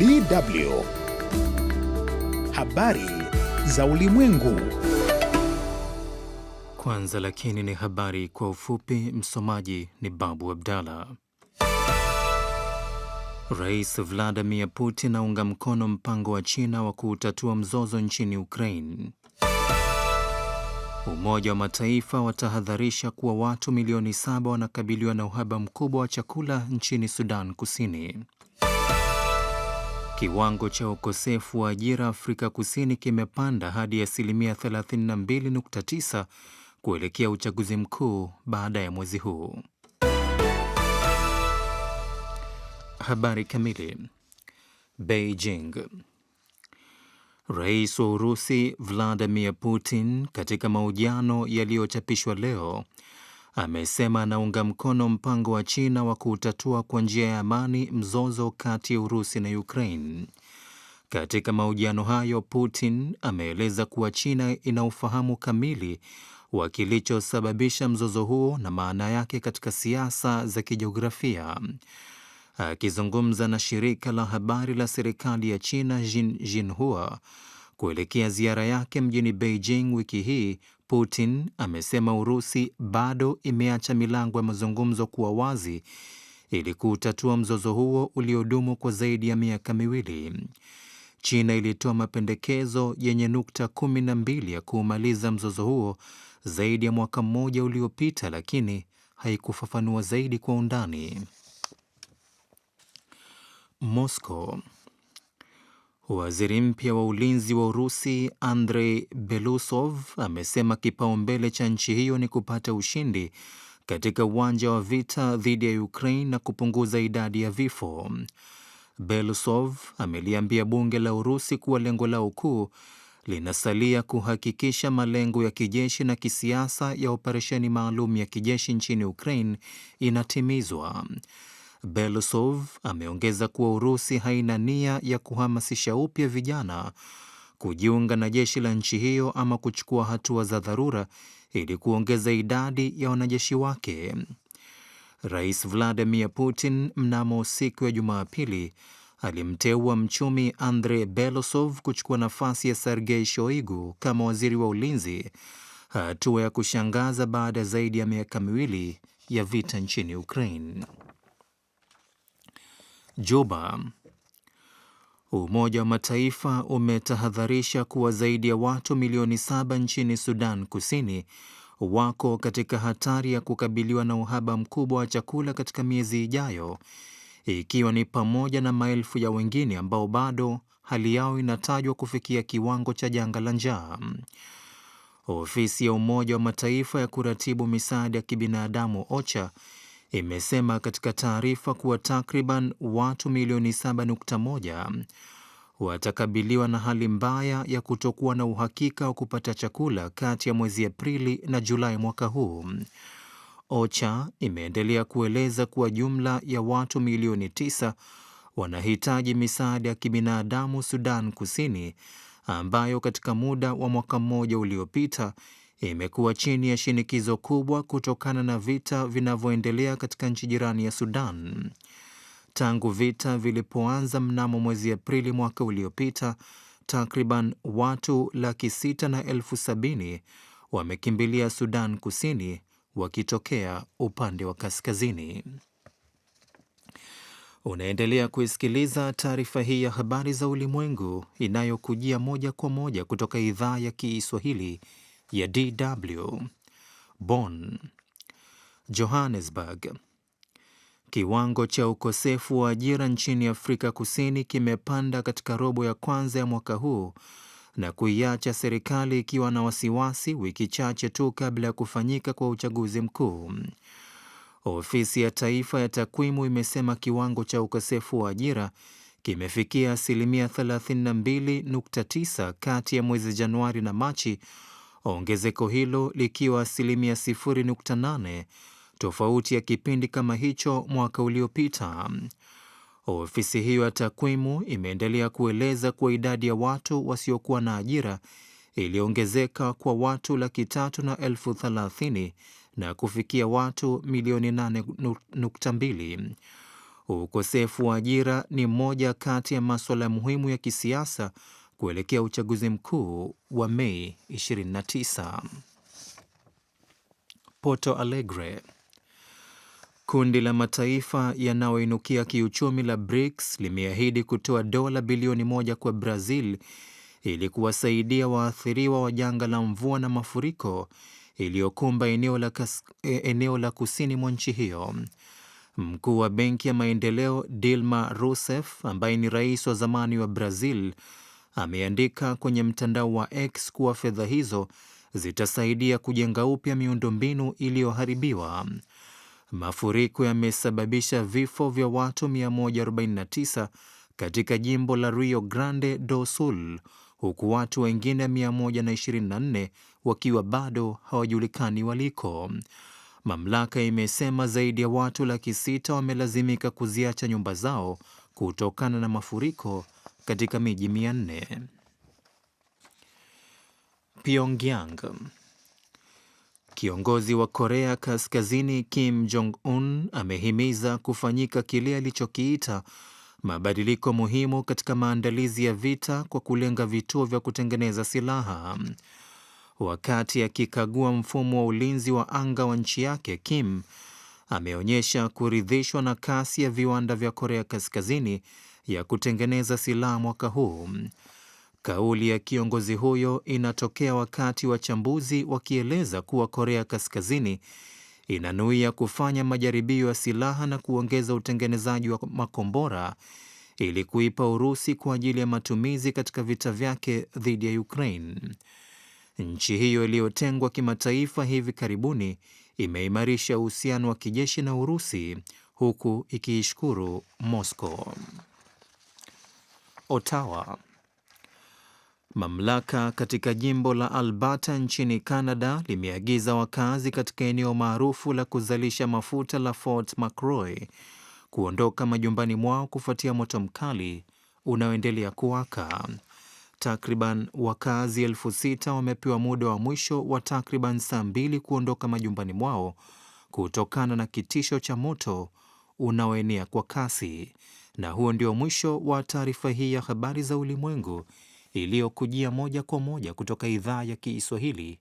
DW habari za ulimwengu. Kwanza lakini ni habari kwa ufupi. Msomaji ni Babu Abdalla. Rais Vladimir Putin aunga mkono mpango wa China wa kuutatua mzozo nchini Ukraine. Umoja wa Mataifa watahadharisha kuwa watu milioni saba wanakabiliwa na uhaba mkubwa wa chakula nchini Sudan Kusini. Kiwango cha ukosefu wa ajira Afrika Kusini kimepanda hadi asilimia 32.9 kuelekea uchaguzi mkuu baada ya mwezi huu. Habari kamili. Beijing. Rais wa Urusi Vladimir Putin katika mahojiano yaliyochapishwa leo amesema anaunga mkono mpango wa China wa kutatua kwa njia ya amani mzozo kati ya Urusi na Ukraine. Katika mahojiano hayo, Putin ameeleza kuwa China ina ufahamu kamili wa kilichosababisha mzozo huo na maana yake katika siasa za kijiografia. Akizungumza na shirika la habari la serikali ya China Xinhua kuelekea ziara yake mjini Beijing wiki hii, Putin amesema Urusi bado imeacha milango ya mazungumzo kuwa wazi ili kutatua mzozo huo uliodumu kwa zaidi ya miaka miwili. China ilitoa mapendekezo yenye nukta kumi na mbili ya kuumaliza mzozo huo zaidi ya mwaka mmoja uliopita, lakini haikufafanua zaidi kwa undani. Moscow Waziri mpya wa ulinzi wa Urusi Andrei Belousov amesema kipaumbele cha nchi hiyo ni kupata ushindi katika uwanja wa vita dhidi ya Ukraine na kupunguza idadi ya vifo. Belousov ameliambia bunge la Urusi kuwa lengo lao kuu linasalia kuhakikisha malengo ya kijeshi na kisiasa ya operesheni maalum ya kijeshi nchini Ukraine inatimizwa. Belousov ameongeza kuwa Urusi haina nia ya kuhamasisha upya vijana kujiunga na jeshi la nchi hiyo ama kuchukua hatua za dharura ili kuongeza idadi ya wanajeshi wake. Rais Vladimir Putin mnamo siku ya Jumapili alimteua mchumi Andrei Belousov kuchukua nafasi ya Sergei Shoigu kama waziri wa ulinzi, hatua ya kushangaza baada ya zaidi ya miaka miwili ya vita nchini Ukraine. Juba. Umoja wa Mataifa umetahadharisha kuwa zaidi ya watu milioni saba nchini Sudan Kusini wako katika hatari ya kukabiliwa na uhaba mkubwa wa chakula katika miezi ijayo, ikiwa ni pamoja na maelfu ya wengine ambao bado hali yao inatajwa kufikia kiwango cha janga la njaa. Ofisi ya Umoja wa Mataifa ya kuratibu misaada ya kibinadamu OCHA imesema katika taarifa kuwa takriban watu milioni 7.1 watakabiliwa na hali mbaya ya kutokuwa na uhakika wa kupata chakula kati ya mwezi Aprili na Julai mwaka huu. OCHA imeendelea kueleza kuwa jumla ya watu milioni 9 wanahitaji misaada ya kibinadamu Sudan Kusini ambayo katika muda wa mwaka mmoja uliopita imekuwa chini ya shinikizo kubwa kutokana na vita vinavyoendelea katika nchi jirani ya Sudan. Tangu vita vilipoanza mnamo mwezi Aprili mwaka uliopita, takriban watu laki sita na elfu sabini wamekimbilia Sudan Kusini wakitokea upande wa kaskazini. Unaendelea kuisikiliza taarifa hii ya habari za ulimwengu inayokujia moja kwa moja kutoka idhaa ya Kiswahili ya DW, Bonn, Johannesburg. Kiwango cha ukosefu wa ajira nchini Afrika Kusini kimepanda katika robo ya kwanza ya mwaka huu na kuiacha serikali ikiwa na wasiwasi wiki chache tu kabla ya kufanyika kwa uchaguzi mkuu. Ofisi ya Taifa ya Takwimu imesema kiwango cha ukosefu wa ajira kimefikia asilimia 32.9 kati ya mwezi Januari na Machi ongezeko hilo likiwa asilimia 0.8 tofauti ya kipindi kama hicho mwaka uliopita. Ofisi hiyo ya takwimu imeendelea kueleza kuwa idadi ya watu wasiokuwa na ajira iliongezeka kwa watu laki tatu na elfu thelathini na kufikia watu milioni 8.2. Ukosefu wa ajira ni moja kati ya masuala muhimu ya kisiasa kuelekea uchaguzi mkuu wa Mei 29. Porto Alegre. Kundi la mataifa yanayoinukia kiuchumi la BRICS limeahidi kutoa dola bilioni moja kwa Brazil ili kuwasaidia waathiriwa wa janga la mvua na mafuriko iliyokumba eneo la, e, eneo la kusini mwa nchi hiyo. Mkuu wa Benki ya Maendeleo Dilma Rousseff ambaye ni rais wa zamani wa Brazil ameandika kwenye mtandao wa X kuwa fedha hizo zitasaidia kujenga upya miundombinu iliyoharibiwa. Mafuriko yamesababisha vifo vya watu 149 katika jimbo la Rio Grande do Sul, huku watu wengine 124 wakiwa bado hawajulikani waliko. Mamlaka imesema zaidi ya watu laki sita wamelazimika kuziacha nyumba zao kutokana na mafuriko katika miji mia nne. Pyongyang. Kiongozi wa Korea Kaskazini Kim Jong Un amehimiza kufanyika kile alichokiita mabadiliko muhimu katika maandalizi ya vita kwa kulenga vituo vya kutengeneza silaha. Wakati akikagua mfumo wa ulinzi wa anga wa nchi yake, Kim ameonyesha kuridhishwa na kasi ya viwanda vya Korea Kaskazini ya kutengeneza silaha mwaka huu. Kauli ya kiongozi huyo inatokea wakati wachambuzi wakieleza kuwa Korea Kaskazini inanuia kufanya majaribio ya silaha na kuongeza utengenezaji wa makombora ili kuipa Urusi kwa ajili ya matumizi katika vita vyake dhidi ya Ukraine. Nchi hiyo iliyotengwa kimataifa hivi karibuni imeimarisha uhusiano wa kijeshi na Urusi huku ikiishukuru Moscow. Ottawa. Mamlaka katika jimbo la Alberta nchini Canada limeagiza wakazi katika eneo maarufu la kuzalisha mafuta la Fort McRoy kuondoka majumbani mwao kufuatia moto mkali unaoendelea kuwaka. Takriban wakazi elfu sita wamepewa muda wa mwisho wa takriban saa mbili kuondoka majumbani mwao kutokana na kitisho cha moto unaoenea kwa kasi. Na huo ndio mwisho wa taarifa hii ya habari za ulimwengu iliyokujia moja kwa moja kutoka idhaa ya Kiswahili